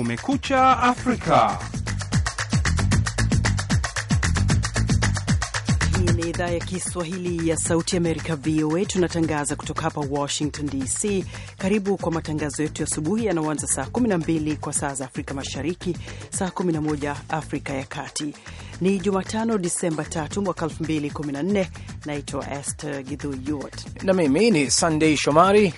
Kumekucha Afrika. Hii ni idhaa ya Kiswahili ya Sauti Amerika, VOA. Tunatangaza kutoka hapa Washington DC. Karibu kwa matangazo yetu ya asubuhi yanaoanza saa 12 kwa saa za Afrika Mashariki, saa 11 Afrika ya Kati. Ni Jumatano, Disemba 3 mwaka 2014. Naitwa Esther Gidhu na mimi ni Sandei Shomari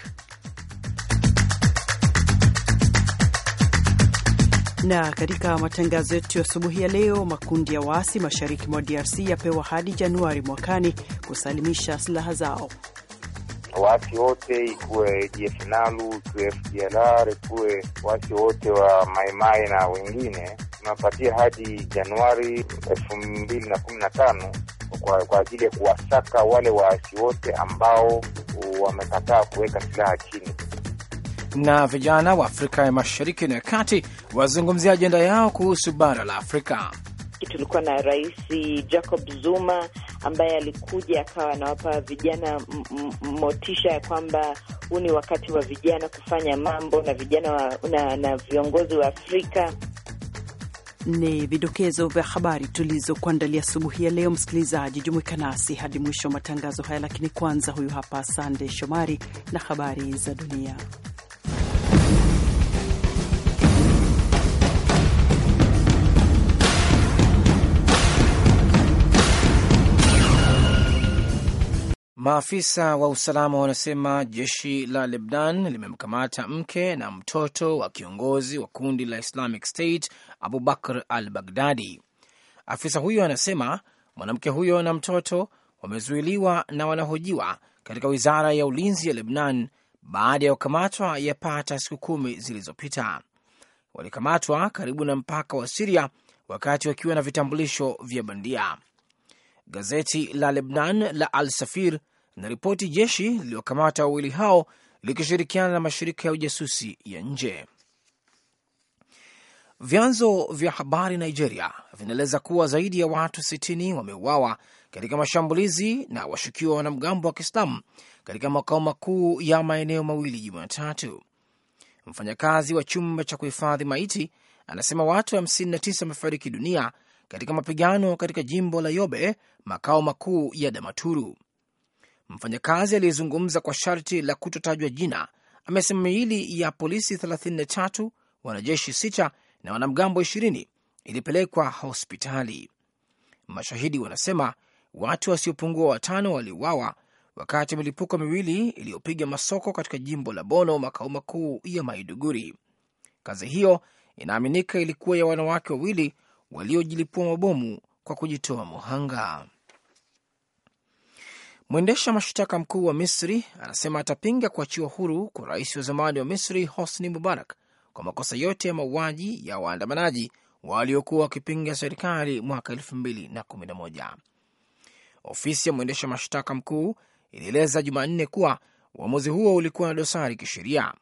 Na katika matangazo yetu ya asubuhi ya leo, makundi ya waasi mashariki mwa DRC yapewa hadi Januari mwakani kusalimisha silaha zao. Waasi wote ikuwe jefinalu ikuwe FDLR ikuwe waasi wote wa maimai na wengine tunapatia hadi Januari elfu mbili na kumi na tano kwa, kwa ajili ya kuwasaka wale waasi wote ambao wamekataa kuweka silaha chini na vijana wa Afrika ya Mashariki na Kati wazungumzia ajenda yao kuhusu bara la Afrika. Tulikuwa na Rais Jacob Zuma ambaye alikuja akawa anawapa vijana motisha ya kwamba huu ni wakati wa vijana kufanya mambo na vijana wa, na, na viongozi wa Afrika. Ni vidokezo vya habari tulizokuandalia asubuhi ya leo. Msikilizaji, jumuika nasi hadi mwisho wa matangazo haya, lakini kwanza, huyu hapa Sande Shomari na habari za dunia. Maafisa wa usalama wanasema jeshi la Lebnan limemkamata mke na mtoto wa kiongozi wa kundi la Islamic State Abubakar al Baghdadi. Afisa huyo anasema mwanamke huyo na mtoto wamezuiliwa na wanahojiwa katika wizara ya ulinzi ya Lebnan baada ya kukamatwa yapata siku kumi zilizopita. Walikamatwa karibu na mpaka wa Siria wakati wakiwa na vitambulisho vya bandia. Gazeti la Lebnan la Al Safir na ripoti jeshi liliokamata wawili hao likishirikiana na mashirika ya ujasusi ya nje. Vyanzo vya habari Nigeria vinaeleza kuwa zaidi ya watu 60 wameuawa katika mashambulizi na washukiwa wanamgambo wa Kiislamu katika makao makuu ya maeneo mawili Jumatatu. Mfanyakazi wa chumba cha kuhifadhi maiti anasema watu 59 wamefariki dunia katika mapigano katika jimbo la Yobe, makao makuu ya Damaturu. Mfanyakazi aliyezungumza kwa sharti la kutotajwa jina amesema miili ya polisi 33, wanajeshi 6 na wanamgambo 20 ilipelekwa hospitali. Mashahidi wanasema watu wasiopungua watano waliuawa wakati milipuko miwili iliyopiga masoko katika jimbo la Bono, makao makuu ya Maiduguri. Kazi hiyo inaaminika ilikuwa ya wanawake wawili waliojilipua mabomu kwa kujitoa muhanga. Mwendesha mashtaka mkuu wa Misri anasema atapinga kuachiwa huru kwa rais wa zamani wa Misri Hosni Mubarak kwa makosa yote ya mauaji ya waandamanaji waliokuwa wakipinga serikali mwaka elfu mbili na kumi na moja. Ofisi ya mwendesha mashtaka mkuu ilieleza Jumanne kuwa uamuzi huo ulikuwa na dosari kisheria.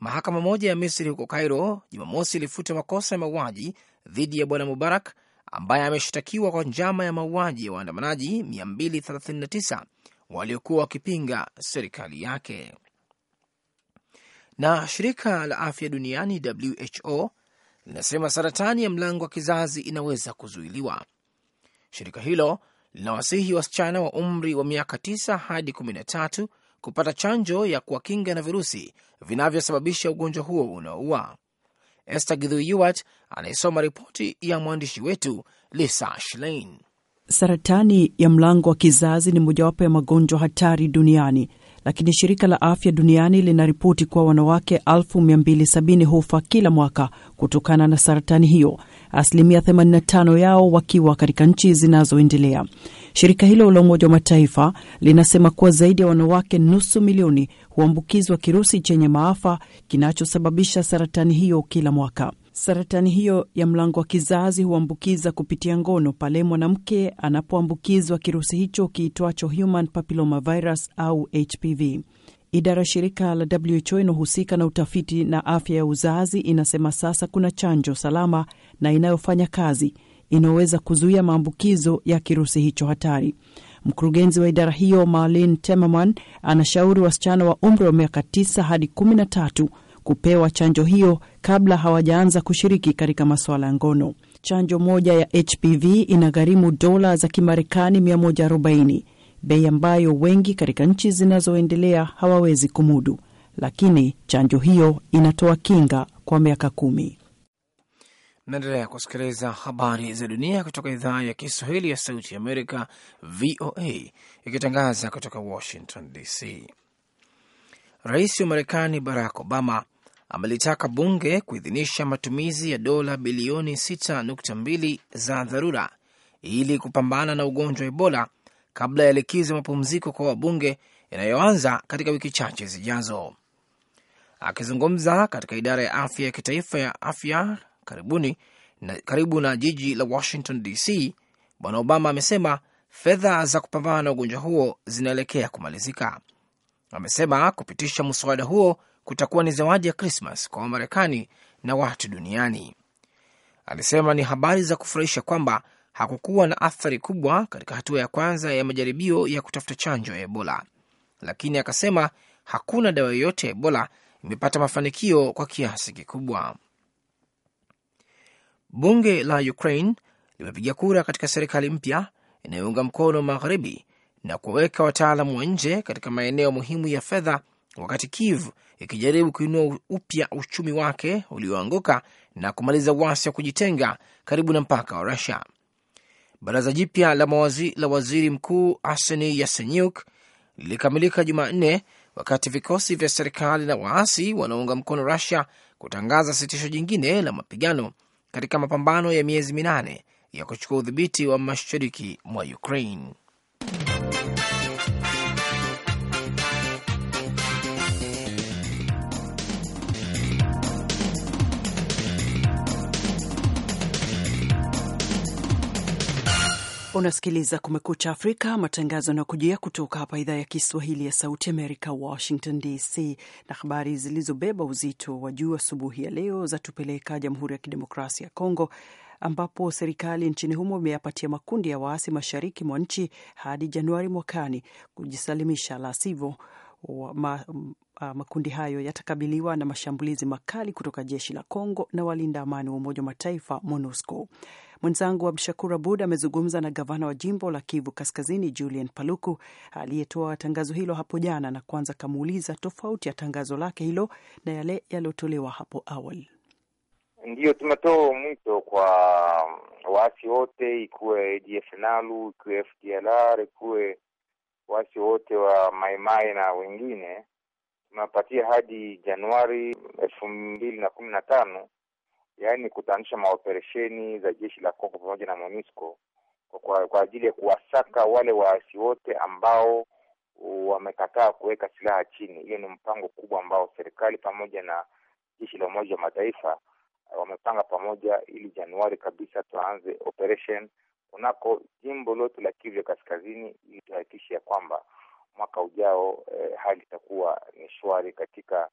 Mahakama moja ya Misri huko Cairo Jumamosi ilifuta makosa ya mauaji dhidi ya bwana Mubarak ambaye ameshtakiwa kwa njama ya mauaji ya waandamanaji 239 waliokuwa wakipinga serikali yake. Na shirika la afya duniani WHO linasema saratani ya mlango wa kizazi inaweza kuzuiliwa. Shirika hilo linawasihi wasichana wa umri wa miaka 9 hadi 13 kupata chanjo ya kuwakinga na virusi vinavyosababisha ugonjwa huo unaoua. Esther Githui Yuwat anayesoma ripoti ya mwandishi wetu Lisa Schlein. Saratani ya mlango wa kizazi ni mojawapo ya magonjwa hatari duniani lakini shirika la afya duniani linaripoti kuwa wanawake 270 hufa kila mwaka kutokana na saratani hiyo, asilimia 85 yao wakiwa katika nchi zinazoendelea. Shirika hilo la Umoja wa Mataifa linasema kuwa zaidi ya wanawake nusu milioni huambukizwa kirusi chenye maafa kinachosababisha saratani hiyo kila mwaka. Saratani hiyo ya mlango wa kizazi huambukiza kupitia ngono pale mwanamke anapoambukizwa kirusi hicho kiitwacho human virus au HPV. Idara shirika la WHO inahusika na utafiti na afya ya uzazi inasema sasa kuna chanjo salama na inayofanya kazi inayoweza kuzuia maambukizo ya kirusi hicho hatari. Mkurugenzi wa idara hiyo Marlin Temerman anashauri wasichana wa umri wa miaka 9 hadi 13 kupewa chanjo hiyo kabla hawajaanza kushiriki katika masuala ya ngono. Chanjo moja ya HPV inagharimu dola za Kimarekani 140, bei ambayo wengi katika nchi zinazoendelea hawawezi kumudu, lakini chanjo hiyo inatoa kinga kwa miaka kumi. Naendelea kusikiliza habari za dunia kutoka idhaa ya Kiswahili ya Sauti ya Amerika, VOA, ikitangaza kutoka Washington DC. Rais wa Marekani Barack Obama amelitaka bunge kuidhinisha matumizi ya dola bilioni 6.2 za dharura ili kupambana na ugonjwa wa Ebola kabla ya likizo ya mapumziko kwa wabunge inayoanza katika wiki chache zijazo. Akizungumza katika idara ya afya ya kitaifa ya afya karibuni na, karibu na jiji la Washington DC, Bwana Obama amesema fedha za kupambana na ugonjwa huo zinaelekea kumalizika. Amesema kupitisha mswada huo kutakuwa ni zawadi ya Krismas kwa Wamarekani na watu duniani. Alisema ni habari za kufurahisha kwamba hakukuwa na athari kubwa katika hatua ya kwanza ya majaribio ya kutafuta chanjo ya Ebola, lakini akasema hakuna dawa yoyote ya Ebola imepata mafanikio kwa kiasi kikubwa. Bunge la Ukraine limepiga kura katika serikali mpya inayounga mkono magharibi na kuwaweka wataalamu wa nje katika maeneo muhimu ya fedha wakati Kiev ikijaribu kuinua upya uchumi wake ulioanguka na kumaliza uasi wa kujitenga karibu na mpaka wa Rusia. Baraza jipya la la waziri mkuu Arseni Yasenyuk lilikamilika Jumanne wakati vikosi vya serikali na waasi wanaounga mkono Rusia kutangaza sitisho jingine la mapigano katika mapambano ya miezi minane ya kuchukua udhibiti wa mashariki mwa Ukraine. Unasikiliza Kumekucha Afrika, matangazo yanayokujia kutoka hapa idhaa ya Kiswahili ya Sauti Amerika, Washington DC. Na habari zilizobeba uzito wa juu asubuhi ya leo za tupeleka Jamhuri ya Kidemokrasia ya Kongo, ambapo serikali nchini humo imeyapatia makundi ya waasi mashariki mwa nchi hadi Januari mwakani kujisalimisha, la sivyo ma, uh, makundi hayo yatakabiliwa na mashambulizi makali kutoka jeshi la congo na walinda amani wa Umoja wa Mataifa MONUSCO. Mwenzangu shakur Abud amezungumza na gavana wa jimbo la Kivu Kaskazini Julian Paluku aliyetoa tangazo hilo hapo jana, na kwanza kamuuliza tofauti ya tangazo lake hilo na yale yaliyotolewa hapo awali. Ndiyo, tumetoa mwito kwa waasi wote, ikuwe ADF NALU, ikuwe FDLR, ikuwe waasi wote wa Maimai na wengine tunapatia hadi Januari elfu mbili na kumi na tano yaani kutaanisha maoperesheni za jeshi la Kongo pamoja na monisco kwa, kwa ajili ya kuwasaka wale waasi wote ambao wamekataa kuweka silaha chini. Hiyo ni mpango kubwa ambao serikali pamoja na jeshi la Umoja wa Mataifa wamepanga pamoja, ili Januari kabisa tuanze operation kunako jimbo lote la Kivu ya Kaskazini ili tuhakikishe ya kwamba mwaka ujao eh, hali itakuwa ni shwari katika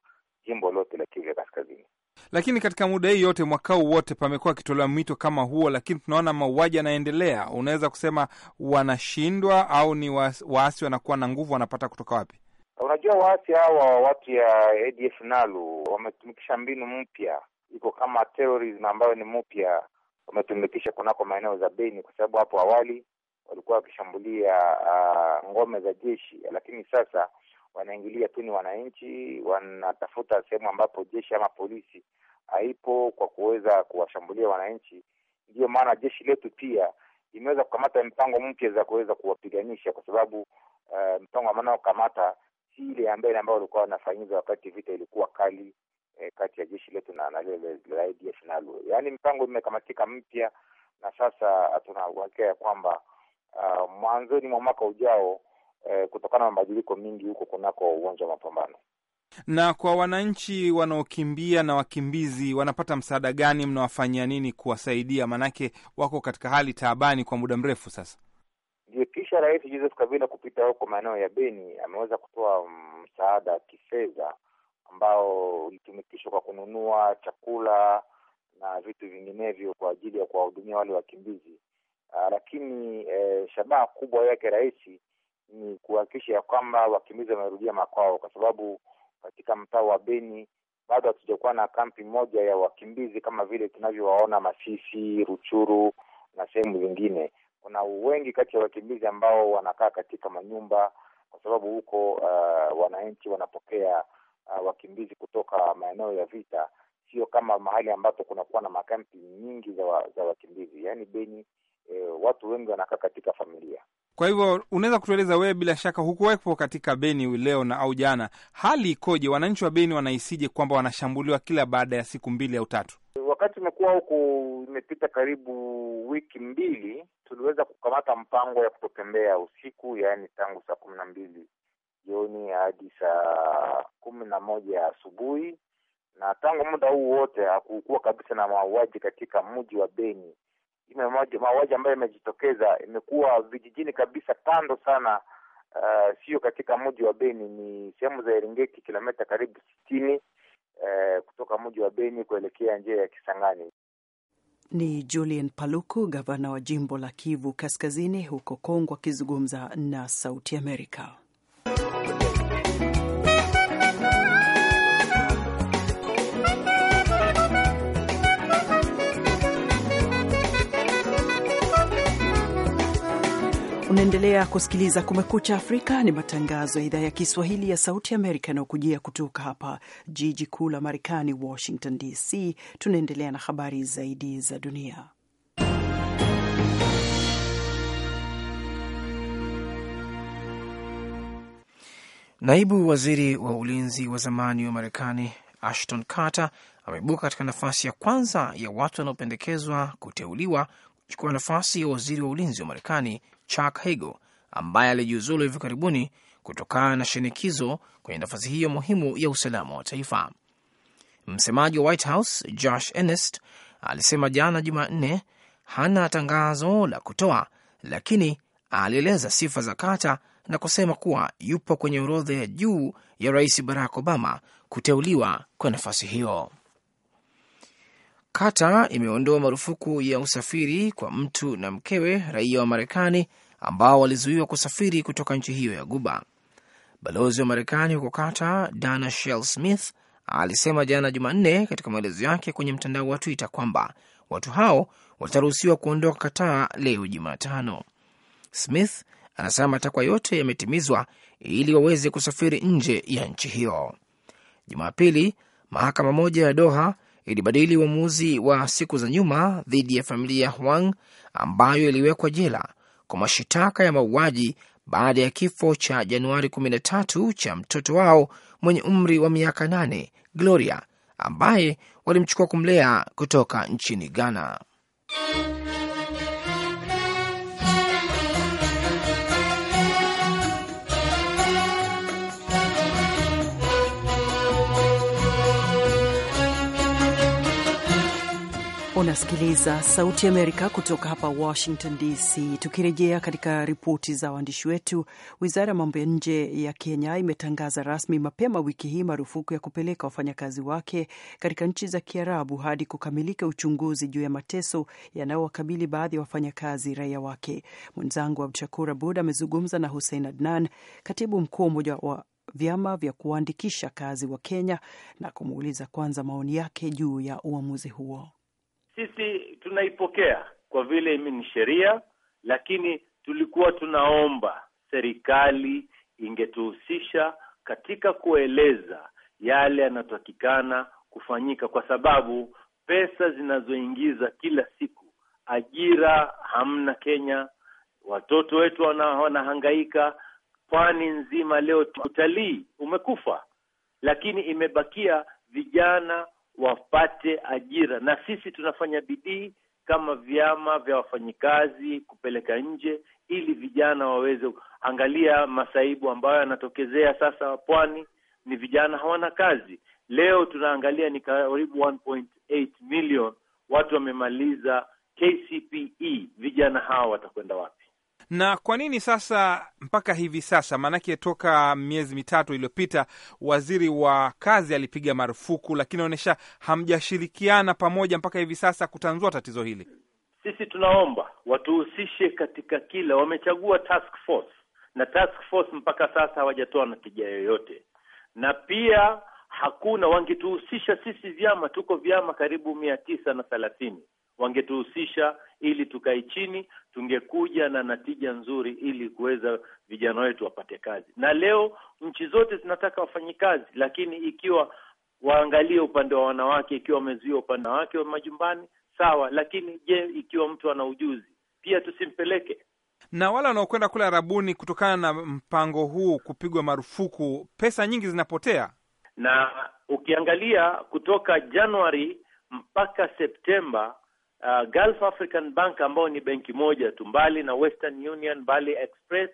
jimbo lote la Kivu ya Kaskazini. Lakini katika muda hii yote mwaka huu wote pamekuwa akitolewa mwito kama huo, lakini tunaona mauaji yanaendelea. Unaweza kusema wanashindwa au ni waasi wanakuwa na nguvu, wanapata kutoka wapi? Unajua, waasi hawa watu ya ADF NALU wametumikisha mbinu mpya, iko kama terrorism ambayo ni mpya wametumikisha kunako maeneo za Beni, kwa sababu hapo awali walikuwa wakishambulia uh, ngome za jeshi, lakini sasa wanaingilia tu ni wananchi, wanatafuta sehemu ambapo jeshi ama polisi haipo kwa kuweza kuwashambulia wananchi. Ndiyo maana jeshi letu pia imeweza kukamata mpango mpya za kuweza kuwapiganisha, kwa sababu uh, mpango wanaokamata si ile ambayo ambayo walikuwa wanafanyiza wakati vita ilikuwa kali e, kati ya jeshi letu na na lile la ADF nalo, yaani mpango imekamatika mpya, na sasa tuna uhakika ya kwamba uh, mwanzoni mwa mwaka ujao e, kutokana na mabadiliko mingi huko kunako uwanja wa mapambano. Na kwa wananchi wanaokimbia na wakimbizi wanapata msaada gani? Mnawafanyia nini kuwasaidia? Maanake wako katika hali taabani kwa muda mrefu sasa. ndio kisha Rais Joseph Kabila kupita huko maeneo ya Beni ameweza kutoa mm, msaada kifedha ambao ulitumikishwa kwa kununua chakula na vitu vinginevyo kwa ajili ya kuwahudumia wale wakimbizi. Uh, lakini eh, shabaha kubwa yake rais ni kuhakikisha ya kwamba wakimbizi wamerudia makwao, kwa sababu katika mtaa wa Beni bado hatujakuwa na kampi moja ya wakimbizi kama vile tunavyowaona Masisi, Ruchuru na sehemu zingine. Kuna wengi kati ya wakimbizi ambao wanakaa katika manyumba, kwa sababu huko uh, wananchi wanapokea uh, wakimbizi kutoka maeneo ya vita, sio kama mahali ambapo kunakuwa na makampi nyingi za, wa, za wakimbizi. Yaani Beni e, watu wengi wanakaa katika familia. Kwa hivyo unaweza kutueleza wewe, bila shaka hukuwepo katika Beni leo na au jana, hali ikoje? Wananchi wa Beni wanahisije kwamba wanashambuliwa kila baada ya siku mbili au tatu? Wakati umekuwa huku, imepita karibu wiki mbili, tuliweza kukamata mpango ya kutotembea usiku, yaani tangu saa kumi na mbili jioni hadi saa kumi na moja asubuhi, na tangu muda huu wote hakukuwa kabisa na mauaji katika mji wa Beni. Mauaji ambayo yamejitokeza imekuwa vijijini kabisa, kando sana, uh, sio katika mji wa Beni, ni sehemu za Eringeti, kilomita karibu sitini uh, kutoka mji wa Beni kuelekea njia ya Kisangani. Ni Julian Paluku, gavana wa jimbo la Kivu Kaskazini huko Kongo, akizungumza na Sauti Amerika. Unaendelea kusikiliza Kumekucha Afrika, ni matangazo ya idhaa ya Kiswahili ya Sauti Amerika yanayokujia kutoka hapa jiji kuu la Marekani, Washington DC. Tunaendelea na habari zaidi za dunia. Naibu waziri wa ulinzi wa zamani wa Marekani Ashton Carter ameibuka katika nafasi ya kwanza ya watu wanaopendekezwa kuteuliwa kuchukua nafasi ya waziri wa ulinzi wa Marekani Chuck Hagel ambaye alijiuzulu hivi karibuni kutokana na shinikizo kwenye nafasi hiyo muhimu ya usalama wa taifa. Msemaji wa White House Josh Ernest alisema jana Jumanne hana tangazo la kutoa, lakini alieleza sifa za Carter na kusema kuwa yupo kwenye orodha ya juu ya Rais Barack Obama kuteuliwa kwa nafasi hiyo kata imeondoa marufuku ya usafiri kwa mtu na mkewe raia wa Marekani ambao walizuiwa kusafiri kutoka nchi hiyo ya Guba. Balozi wa Marekani huko Kata, Dana Shell Smith, alisema jana Jumanne katika maelezo yake kwenye mtandao wa Twitter kwamba watu hao wataruhusiwa kuondoka Kataa leo Jumatano. Smith anasema matakwa yote yametimizwa ili waweze kusafiri nje ya nchi hiyo. Jumapili, mahakama moja ya Doha ilibadili uamuzi wa siku za nyuma dhidi ya familia ya Huang ambayo iliwekwa jela kwa mashitaka ya mauaji baada ya kifo cha Januari 13 cha mtoto wao mwenye umri wa miaka 8 Gloria ambaye walimchukua kumlea kutoka nchini Ghana. Unasikiliza Sauti Amerika kutoka hapa Washington DC. Tukirejea katika ripoti za waandishi wetu, wizara ya mambo ya nje ya Kenya imetangaza rasmi mapema wiki hii marufuku ya kupeleka wafanyakazi wake katika nchi za Kiarabu hadi kukamilika uchunguzi juu ya mateso yanayowakabili baadhi ya wafanyakazi raia wake. Mwenzangu Abdu Shakur Abud amezungumza na Hussein Adnan, katibu mkuu wa Umoja wa vyama vya kuandikisha kazi wa Kenya, na kumuuliza kwanza maoni yake juu ya uamuzi huo sisi tunaipokea kwa vile ni sheria, lakini tulikuwa tunaomba serikali ingetuhusisha katika kueleza yale yanayotakikana kufanyika, kwa sababu pesa zinazoingiza kila siku, ajira hamna Kenya, watoto wetu wanahangaika, pwani nzima leo utalii umekufa, lakini imebakia vijana wapate ajira, na sisi tunafanya bidii kama vyama vya wafanyikazi kupeleka nje ili vijana waweze angalia masaibu ambayo yanatokezea sasa pwani, ni vijana hawana kazi. Leo tunaangalia ni karibu 1.8 million watu wamemaliza KCPE. Vijana hawa watakwenda wapi? Na kwa nini sasa mpaka hivi sasa? Maanake toka miezi mitatu iliyopita waziri wa kazi alipiga marufuku, lakini naonyesha hamjashirikiana pamoja mpaka hivi sasa kutanzua tatizo hili. Sisi tunaomba watuhusishe katika kila, wamechagua task force na task force mpaka sasa hawajatoa natija yoyote, na pia hakuna wangetuhusisha sisi vyama, tuko vyama karibu mia tisa na thelathini, wangetuhusisha ili tukae chini, tungekuja na natija nzuri, ili kuweza vijana wetu wapate kazi. Na leo nchi zote zinataka wafanyikazi, lakini ikiwa waangalie upande wa wanawake, ikiwa wamezuia upande wa wanawake wa majumbani, sawa, lakini je, ikiwa mtu ana ujuzi pia tusimpeleke na wale wanaokwenda kule Arabuni kutokana na mpango huu kupigwa marufuku, pesa nyingi zinapotea. Na ukiangalia kutoka Januari mpaka Septemba uh, Gulf African Bank ambao ni benki moja tu mbali na Western Union, Bali Express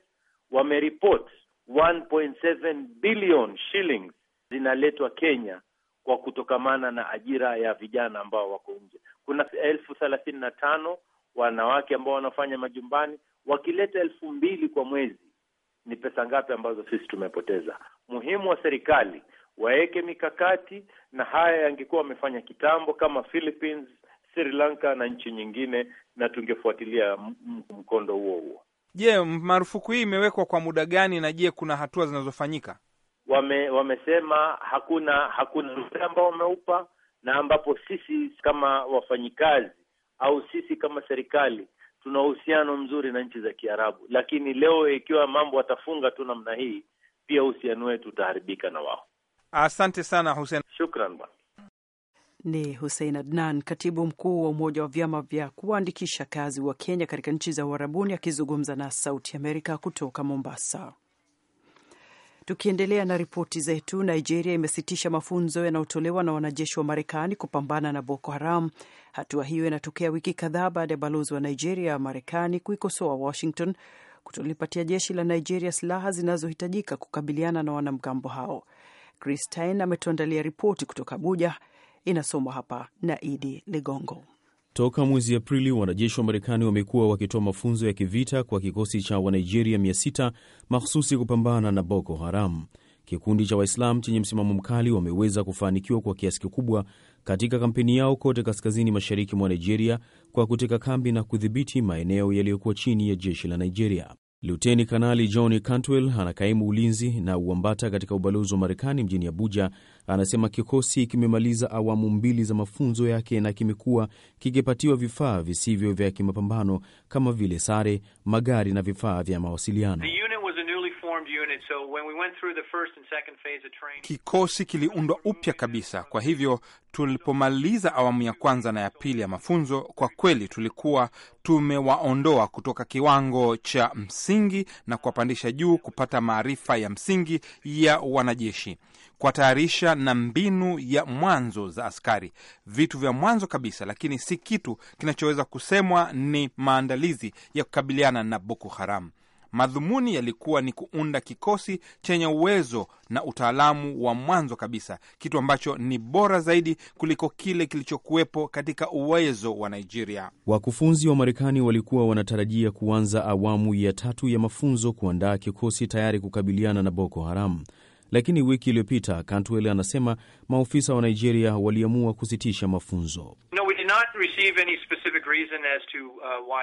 wameripoti 1.7 billion shillings zinaletwa Kenya kwa kutokamana na ajira ya vijana ambao wako nje. Kuna elfu thelathini na tano wanawake ambao wanafanya majumbani, wakileta elfu mbili kwa mwezi. Ni pesa ngapi ambazo sisi tumepoteza? Muhimu wa serikali waweke mikakati, na haya yangekuwa wamefanya kitambo, kama Philippines Sri Lanka na nchi nyingine, na tungefuatilia mkondo huo huo. Je, marufuku hii imewekwa kwa muda gani, na je kuna hatua zinazofanyika? Wame, wamesema hakuna hakuna muda ambao wameupa na ambapo sisi kama wafanyikazi au sisi kama serikali tuna uhusiano mzuri na nchi za Kiarabu, lakini leo ikiwa mambo watafunga tu namna hii, pia uhusiano wetu utaharibika na wao. Asante sana Hussein, shukran bwana. Ni Hussein Adnan, katibu mkuu wa umoja wa vyama vya kuwaandikisha kazi wa Kenya katika nchi za Uarabuni, akizungumza na Sauti Amerika kutoka Mombasa. Tukiendelea na ripoti zetu, Nigeria imesitisha mafunzo yanayotolewa na wanajeshi wa Marekani kupambana na Boko Haram. Hatua hiyo inatokea wiki kadhaa baada ya balozi wa Nigeria ya Marekani kuikosoa Washington kutolipatia jeshi la Nigeria silaha zinazohitajika kukabiliana na wanamgambo hao. Christine ametuandalia ripoti kutoka Abuja inasomwa hapa na Idi Ligongo. Toka mwezi Aprili, wanajeshi wa Marekani wamekuwa wakitoa mafunzo ya kivita kwa kikosi cha Wanigeria 600 mahsusi kupambana na Boko Haram. Kikundi cha Waislamu chenye msimamo mkali wameweza kufanikiwa kwa kiasi kikubwa katika kampeni yao kote kaskazini mashariki mwa Nigeria kwa kuteka kambi na kudhibiti maeneo yaliyokuwa chini ya jeshi la Nigeria. Luteni Kanali John Cantwell anakaimu ulinzi na uambata katika ubalozi wa Marekani mjini Abuja anasema kikosi kimemaliza awamu mbili za mafunzo yake na kimekuwa kikipatiwa vifaa visivyo vya kimapambano kama vile sare, magari na vifaa vya mawasiliano. Kikosi kiliundwa upya kabisa. Kwa hivyo tulipomaliza awamu ya kwanza na ya pili ya mafunzo, kwa kweli tulikuwa tumewaondoa kutoka kiwango cha msingi na kuwapandisha juu kupata maarifa ya msingi ya wanajeshi, kuwatayarisha na mbinu ya mwanzo za askari, vitu vya mwanzo kabisa, lakini si kitu kinachoweza kusemwa ni maandalizi ya kukabiliana na Boko Haram. Madhumuni yalikuwa ni kuunda kikosi chenye uwezo na utaalamu wa mwanzo kabisa, kitu ambacho ni bora zaidi kuliko kile kilichokuwepo katika uwezo wa Nigeria. Wakufunzi wa Marekani walikuwa wanatarajia kuanza awamu ya tatu ya mafunzo kuandaa kikosi tayari kukabiliana na Boko Haram, lakini wiki iliyopita Cantwell anasema maofisa wa Nigeria waliamua kusitisha mafunzo no. Uh,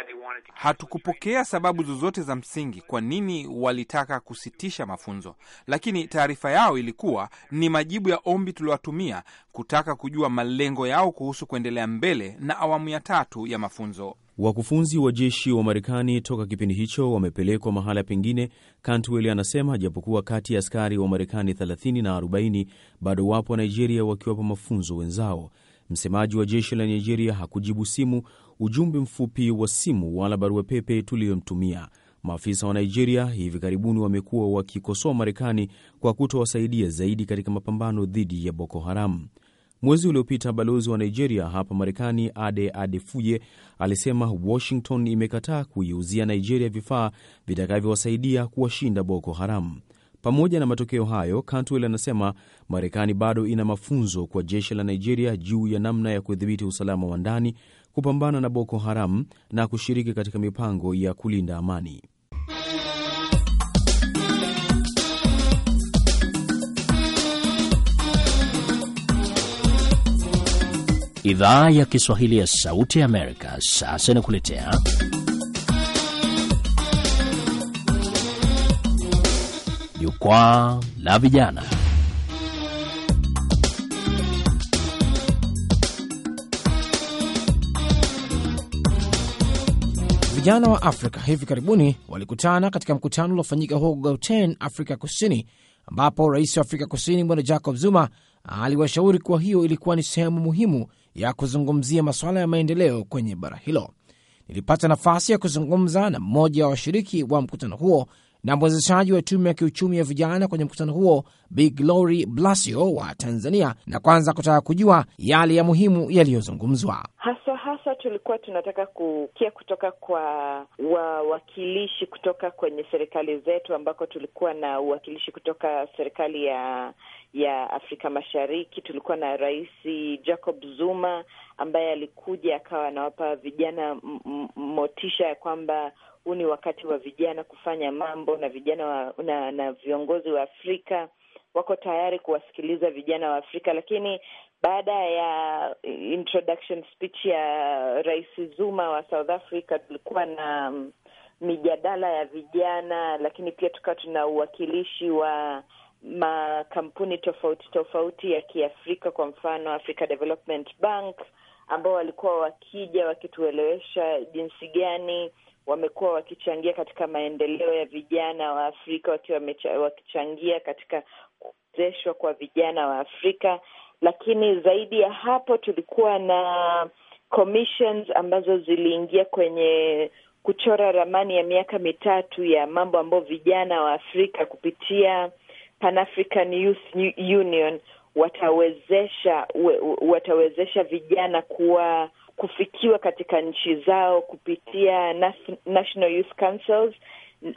Hatukupokea sababu zozote za msingi kwa nini walitaka kusitisha mafunzo, lakini taarifa yao ilikuwa ni majibu ya ombi tuliowatumia kutaka kujua malengo yao kuhusu kuendelea mbele na awamu ya tatu ya mafunzo. Wakufunzi wa jeshi wa Marekani toka kipindi hicho wamepelekwa mahala pengine, Cantwell anasema. Japokuwa kati ya askari wa Marekani 30 na 40 bado wapo Nigeria wakiwapa mafunzo wenzao. Msemaji wa jeshi la Nigeria hakujibu simu, ujumbe mfupi wa simu wala barua pepe tuliyomtumia. Maafisa wa Nigeria hivi karibuni wamekuwa wakikosoa Marekani kwa kutowasaidia zaidi katika mapambano dhidi ya Boko Haram. Mwezi uliopita balozi wa Nigeria hapa Marekani, Ade Adefuye, alisema Washington imekataa kuiuzia Nigeria vifaa vitakavyowasaidia kuwashinda Boko Haram. Pamoja na matokeo hayo, Cantwell anasema Marekani bado ina mafunzo kwa jeshi la Nigeria juu ya namna ya kudhibiti usalama wa ndani, kupambana na Boko Haram na kushiriki katika mipango ya kulinda amani. Idhaa ya Kiswahili ya Sauti ya Amerika sasa inakuletea Jukwaa la Vijana. Vijana wa Afrika hivi karibuni walikutana katika mkutano uliofanyika huko Gauteng, Afrika Kusini, ambapo rais wa Afrika Kusini Bwana Jacob Zuma aliwashauri kuwa hiyo ilikuwa ni sehemu muhimu ya kuzungumzia masuala ya maendeleo kwenye bara hilo. Nilipata nafasi ya kuzungumza na mmoja wa washiriki wa mkutano huo na mwezeshaji wa tume ya kiuchumi ya vijana kwenye mkutano huo Bi Glory Blasio wa Tanzania, na kwanza kutaka kujua yale ya muhimu yaliyozungumzwa. haswa haswa tulikuwa tunataka kukia kutoka kwa wawakilishi kutoka kwenye serikali zetu, ambako tulikuwa na uwakilishi kutoka serikali ya ya Afrika Mashariki. Tulikuwa na Rais Jacob Zuma ambaye alikuja akawa anawapa vijana motisha ya kwamba huu ni wakati wa vijana kufanya mambo, na vijana wa, na, na viongozi wa Afrika wako tayari kuwasikiliza vijana wa Afrika. Lakini baada ya introduction speech ya Rais Zuma wa South Africa tulikuwa na mijadala ya vijana, lakini pia tukawa tuna uwakilishi wa makampuni tofauti tofauti ya Kiafrika, kwa mfano Africa Development Bank, ambao walikuwa wakija wakituelewesha jinsi gani wamekuwa wakichangia katika maendeleo ya vijana wa Afrika, wakiwa wakichangia katika kuwezeshwa kwa vijana wa Afrika. Lakini zaidi ya hapo, tulikuwa na commissions ambazo ziliingia kwenye kuchora ramani ya miaka mitatu ya mambo ambayo vijana wa Afrika kupitia Pan African Youth Union watawezesha watawezesha vijana kuwa kufikiwa katika nchi zao kupitia National Youth Councils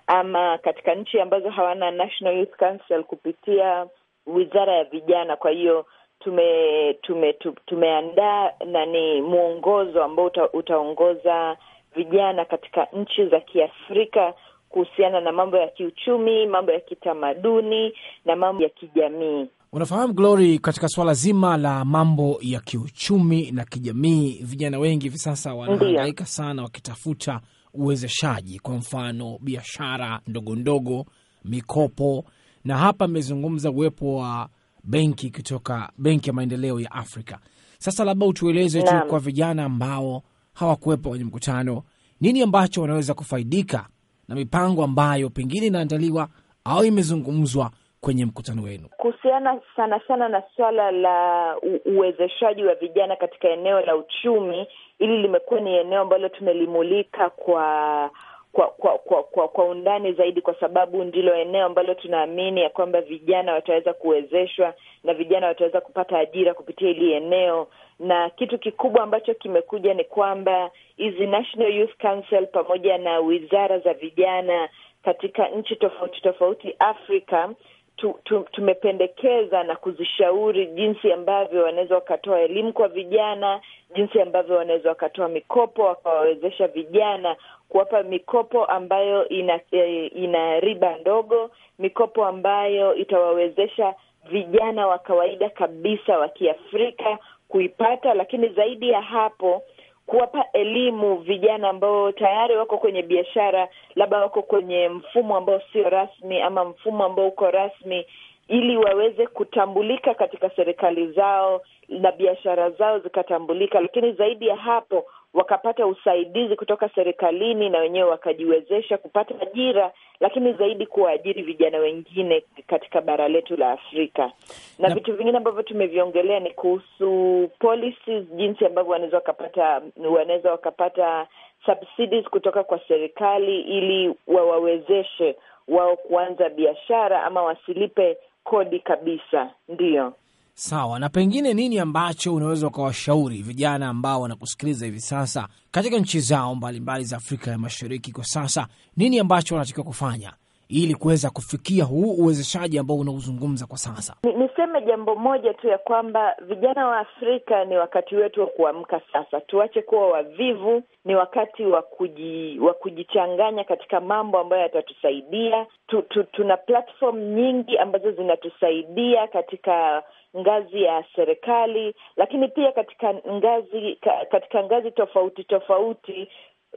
ama katika nchi ambazo hawana National Youth Council kupitia wizara ya vijana. Kwa hiyo tume, tume, tume, tumeandaa ni mwongozo ambao uta, utaongoza vijana katika nchi za Kiafrika kuhusiana na mambo ya kiuchumi, mambo ya kitamaduni na mambo ya kijamii. Unafahamu Glory, katika swala zima la mambo ya kiuchumi na kijamii, vijana wengi hivi sasa wanahangaika sana wakitafuta uwezeshaji, kwa mfano biashara ndogo ndogo, mikopo, na hapa amezungumza uwepo wa benki kutoka Benki ya Maendeleo ya Afrika. Sasa labda utueleze tu kwa vijana ambao hawakuwepo kwenye mkutano, nini ambacho wanaweza kufaidika na mipango ambayo pengine inaandaliwa au imezungumzwa kwenye mkutano wenu kuhusiana sana sana na swala la uwezeshaji wa vijana katika eneo la uchumi? Hili limekuwa ni eneo ambalo tumelimulika kwa kwa kwa kwa kwa kwa undani zaidi, kwa sababu ndilo eneo ambalo tunaamini ya kwamba vijana wataweza kuwezeshwa na vijana wataweza kupata ajira kupitia hili eneo. Na kitu kikubwa ambacho kimekuja ni kwamba hizi National Youth Council pamoja na wizara za vijana katika nchi tofauti tofauti Afrika tu, tu, tumependekeza na kuzishauri jinsi ambavyo wanaweza wakatoa elimu kwa vijana, jinsi ambavyo wanaweza wakatoa mikopo wakawawezesha vijana, kuwapa mikopo ambayo ina, e, ina riba ndogo, mikopo ambayo itawawezesha vijana wa kawaida kabisa wa Kiafrika kuipata, lakini zaidi ya hapo kuwapa elimu vijana ambao tayari wako kwenye biashara, labda wako kwenye mfumo ambao sio rasmi ama mfumo ambao uko rasmi, ili waweze kutambulika katika serikali zao na biashara zao zikatambulika. Lakini zaidi ya hapo, wakapata usaidizi kutoka serikalini na wenyewe wakajiwezesha kupata ajira, lakini zaidi kuwaajiri vijana wengine katika bara letu la Afrika. Na vitu vingine ambavyo tumeviongelea ni kuhusu policies, jinsi ambavyo wanaweza wakapata wanaweza wakapata subsidies kutoka kwa serikali ili wawawezeshe wao kuanza biashara ama wasilipe kodi kabisa. Ndiyo. Sawa, na pengine nini ambacho unaweza ukawashauri vijana ambao wanakusikiliza hivi sasa katika nchi zao mbalimbali za Afrika ya Mashariki kwa sasa, nini ambacho wanatakiwa kufanya ili kuweza kufikia huu uwezeshaji ambao unauzungumza kwa sasa? Ni, niseme jambo moja tu ya kwamba vijana wa Afrika ni wakati wetu wa kuamka sasa. Tuache kuwa wavivu, ni wakati wa kuji, wa kujichanganya katika mambo ambayo yatatusaidia. Tu, tu, tuna platform nyingi ambazo zinatusaidia katika ngazi ya serikali, lakini pia katika ngazi katika ngazi tofauti tofauti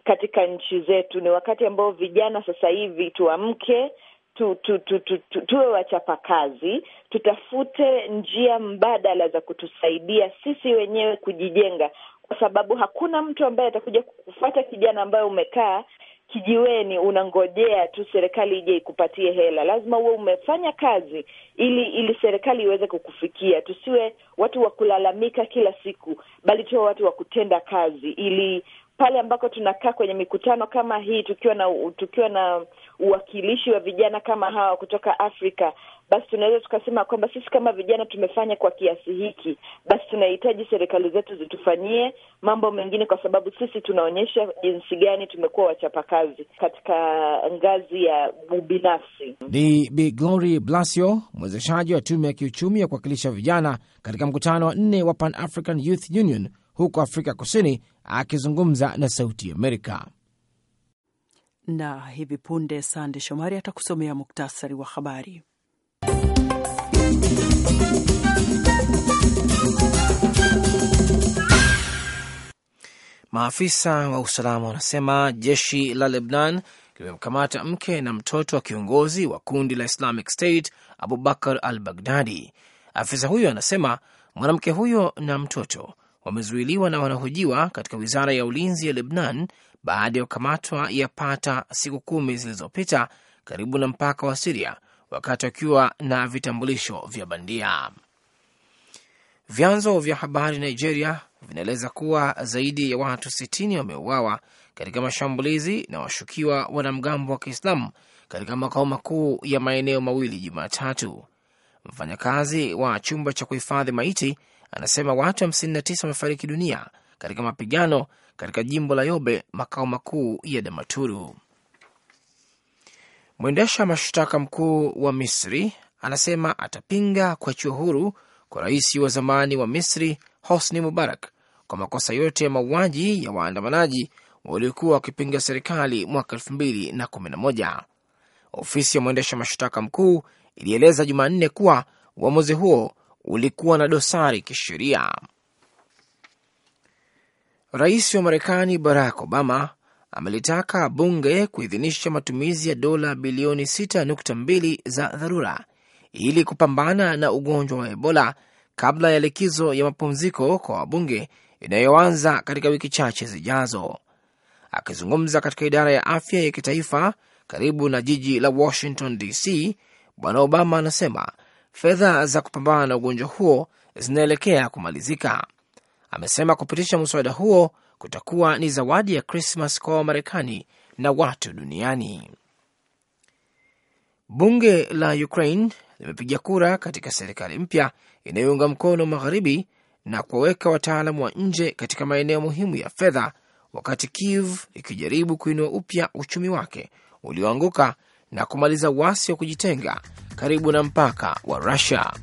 katika nchi zetu. Ni wakati ambao vijana sasa hivi tuamke, tu, tu, tu, tu, tu, tuwe wachapakazi, tutafute njia mbadala za kutusaidia sisi wenyewe kujijenga, kwa sababu hakuna mtu ambaye atakuja kukufata kijana ambaye umekaa kijiweni unangojea tu serikali ije ikupatie hela. Lazima uwe umefanya kazi ili ili serikali iweze kukufikia. Tusiwe watu wa kulalamika kila siku, bali tuwe watu wa kutenda kazi ili pale ambako tunakaa kwenye mikutano kama hii tukiwa na tukiwa na uwakilishi wa vijana kama hawa kutoka Afrika, basi tunaweza tukasema kwamba sisi kama vijana tumefanya kwa kiasi hiki, basi tunahitaji serikali zetu zitufanyie mambo mengine, kwa sababu sisi tunaonyesha jinsi gani tumekuwa wachapakazi katika ngazi ya ubinafsi. Ni Bi Glory Blasio, mwezeshaji wa tume ya kiuchumi ya kuwakilisha vijana katika mkutano wa nne wa Pan African Youth Union huko Afrika Kusini, akizungumza na Sauti Amerika. Na hivi punde Sande Shomari atakusomea muktasari wa habari. Maafisa wa usalama wanasema jeshi la Lebanon limemkamata mke na mtoto wa kiongozi wa kundi la Islamic State Abubakar al Baghdadi. Afisa huyo anasema mwanamke huyo na mtoto wamezuiliwa na wanahojiwa katika wizara ya ulinzi ya Lebnan baada ya kukamatwa yapata siku kumi zilizopita karibu na mpaka wa Siria wakati wakiwa na vitambulisho vya bandia. Vyanzo vya habari Nigeria vinaeleza kuwa zaidi ya watu 60 wameuawa katika mashambulizi na washukiwa wanamgambo wa Kiislamu katika makao makuu ya maeneo mawili Jumatatu. Mfanyakazi wa chumba cha kuhifadhi maiti anasema watu 59 wamefariki dunia katika mapigano katika jimbo la Yobe, makao makuu ya Damaturu. Mwendesha mashtaka mkuu wa Misri anasema atapinga kuachiwa huru kwa rais wa zamani wa Misri Hosni Mubarak kwa makosa yote ya mauaji ya waandamanaji waliokuwa wakipinga serikali mwaka 2011. Ofisi ya mwendesha mashtaka mkuu ilieleza Jumanne kuwa uamuzi huo ulikuwa na dosari kisheria. Rais wa Marekani Barack Obama amelitaka bunge kuidhinisha matumizi ya dola bilioni 6.2 za dharura ili kupambana na ugonjwa wa Ebola kabla ya likizo ya mapumziko kwa wabunge inayoanza katika wiki chache zijazo. Akizungumza katika idara ya afya ya kitaifa karibu na jiji la Washington DC, Bwana Obama anasema fedha za kupambana na ugonjwa huo zinaelekea kumalizika. Amesema kupitisha mswada huo kutakuwa ni zawadi ya Krismas kwa Wamarekani na watu duniani. Bunge la Ukraine limepiga kura katika serikali mpya inayounga mkono magharibi na kuwaweka wataalamu wa nje katika maeneo muhimu ya fedha, wakati Kiev ikijaribu kuinua upya uchumi wake ulioanguka na kumaliza wasi wa kujitenga karibu na mpaka wa Rusia.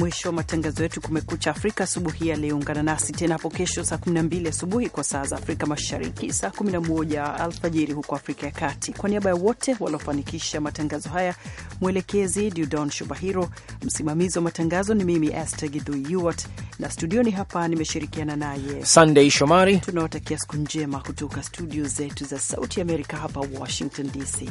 mwisho wa matangazo yetu Kumekucha Afrika asubuhi ya leo. Ungana nasi tena hapo kesho saa 12 asubuhi kwa saa za Afrika Mashariki, saa 11 alfajiri huko Afrika ya Kati. Kwa niaba ya wote waliofanikisha matangazo haya, mwelekezi Dudon Shubahiro, msimamizi wa matangazo ni mimi Aster Gidhuiwat, na studioni hapa nimeshirikiana naye sandey Shomari. Tunawatakia siku njema kutoka studio zetu za Sauti Amerika hapa Washington DC.